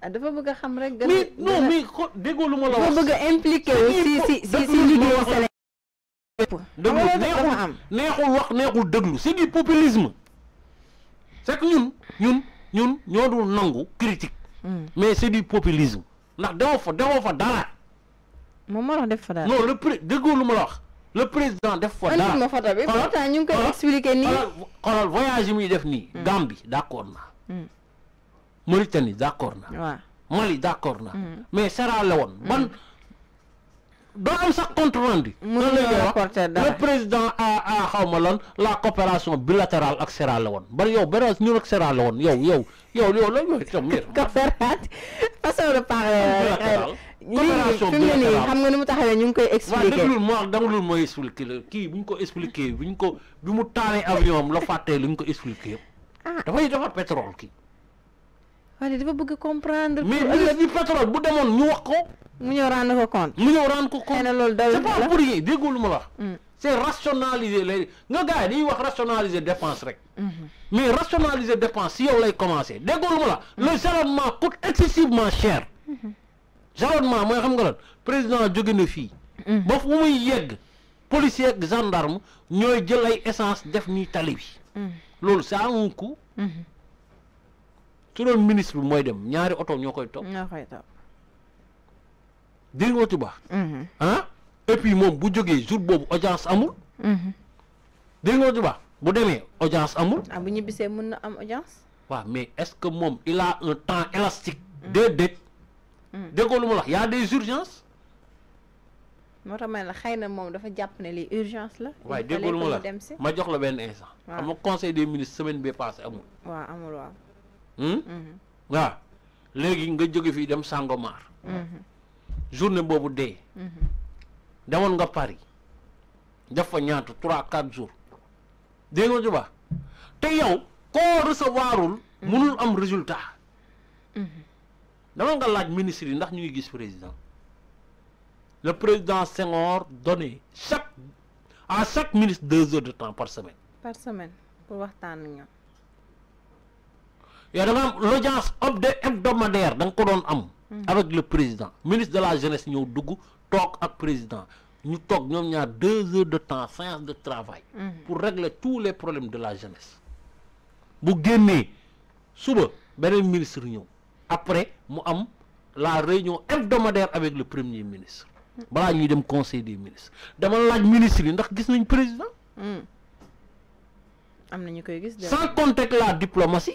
ah dafa bëgg xam rek. gën mais non mais xo déggoo ma la wax. dafa bëgg a impliqué si si si si liggéeyu Sénégal. déglu neexul neexul wax neexul déglu c'est du populisme. c'est que ñun ñun ñun ñoo dul nangu critique. Hmm. mais c'est du populisme. ndax defoo fa defoo fa dara. mo mo tax def fa dara non le pré déggoo ma la wax. le président def fa dara ma fa tabé moo tax ñu ngi koy expliquer ni xoolal voyage yi muy def ni hmm. Gambie d'accord na hmm. Mauritanie d' accord naa. Mali d' accord naa. Mm. mais Sera la woon. Mm. ban doo am sax compte rendu. le président a a xaw ma lan la coopération bilatérale ak Sera la woon ba yow beneen ñun ak la woon yow yow yow yow loolu mooy itam mbir. coopérative façon de parler. Euh, euh, coopération bilatérale lii fi mu ne nii xam nga ni mu taxawee ñu ngi koy. expliqué waaw déglu mooy expliqué la kii bu ñu ko expliqué bi ñu ko bi mu taalee avion am la fàttee lu ñu ko expliqué. Ah. dafay defar pétrole kii. waaye dafa bëgg comprendre. mais ministre du pétrole bu demoon ñu wax ko. mu ñëw rendre ko compte. mu ñëw rendre ko compte. c'est pas pour yéen déggoo lu wax. Hmm. rationaliser les nga gars yi dañuy wax rationaliser dépense rek. Hmm. mais rationaliser dépense si yow lay commencer déggoo lu ma la. Hmm. le jalonnement coûte excessivement cher. jalonnement moy xam nga lan président jogé na fi ba fu muy yegg policier ak gendarme ñoy jël ay essence def ni talibi lool ça a un coût su doon ministre moy dem ñaari auto ñokoy top topp. top koy topp. ba nga tubaab. Mm-hmm. Ah? et puis mom bu joggé jour bobu audience amul. Mm-hmm. dégg nga ba bu demee audience amul. ah bu ñibissé mën na am audience. wa mais est-ce que mom il a un temps élastique. Mm. déedéet. Mm. dégg lu ma wax y a des urgences. moo tax ma ne la xëy na dafa japp ne li urgence la. waaye dégg lu la ma jox la ben instant. waaw xam nga conseil des ministres semaine bee passé amul. wa amul wa waaw hmm? mhm. legi nga joge fi dem Sangomar mhm. journée bobu boobu Hmm. demoon nga Paris def fa ñaatu 3 4 jours Dé nga juba Té yow ko recevoirul mënul mhm. am résultat Hmm. dama nga laaj ministre ndax ñuy gis président le président Senghor donné chaque à chaque ministre 2 heures de temps par semaine par semaine pour waxtaan ak ñoom il y a l'audience hebdomadaire hmm. avec le président ministre de la jeunesse nous dugg avec le président Nous toog deux heures de temps séance de travail. Hmm. pour régler tous les problèmes de la jeunesse. bu gagnez suba le ministre après am la réunion hebdomadaire avec le premier ministre. voilà hmm. avons dem conseil des ministres dama la ministre nous ndax gis président. sans compter la diplomatie.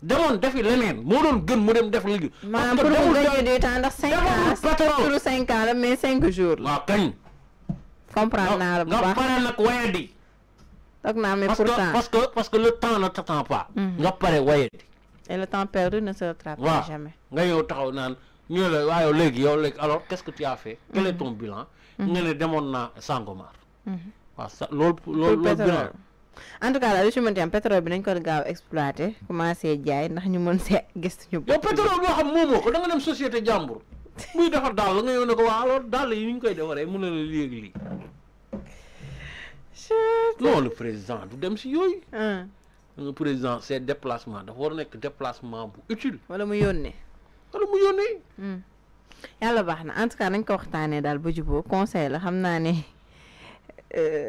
Demande, defi le moo doon gën dem def pour temps dans 5 ans mais 5 jours comprendre la parce que parce que le temps ne t'attend pas. Mm-hmm. nga pare et le temps perdu ne se rattrape jamais. nga alors qu'est-ce que tu as fait. quel est mm-hmm. ton bilan. Mm-hmm. nga ne à Sangomar. Wa. en tout cas daal li ci bi nañ ko gaaw exploité commencé jaay ndax ñu mën se gis ñu. yow pétrole boo xam moomoo ko da dem société jàmbur muy defar daal la nga yow ko waa dal daal yi ñu koy defaree mën na la léegi lii. non le président du dem si yooyu. le président c'est déplacement dafa war nekk déplacement bu utile. wala mu yónnee. wala mu yónnee. Hmm. yàlla baax na en tout nañ ko waxtaanee daal ba jubóo conseil la xam naa ne. Euh,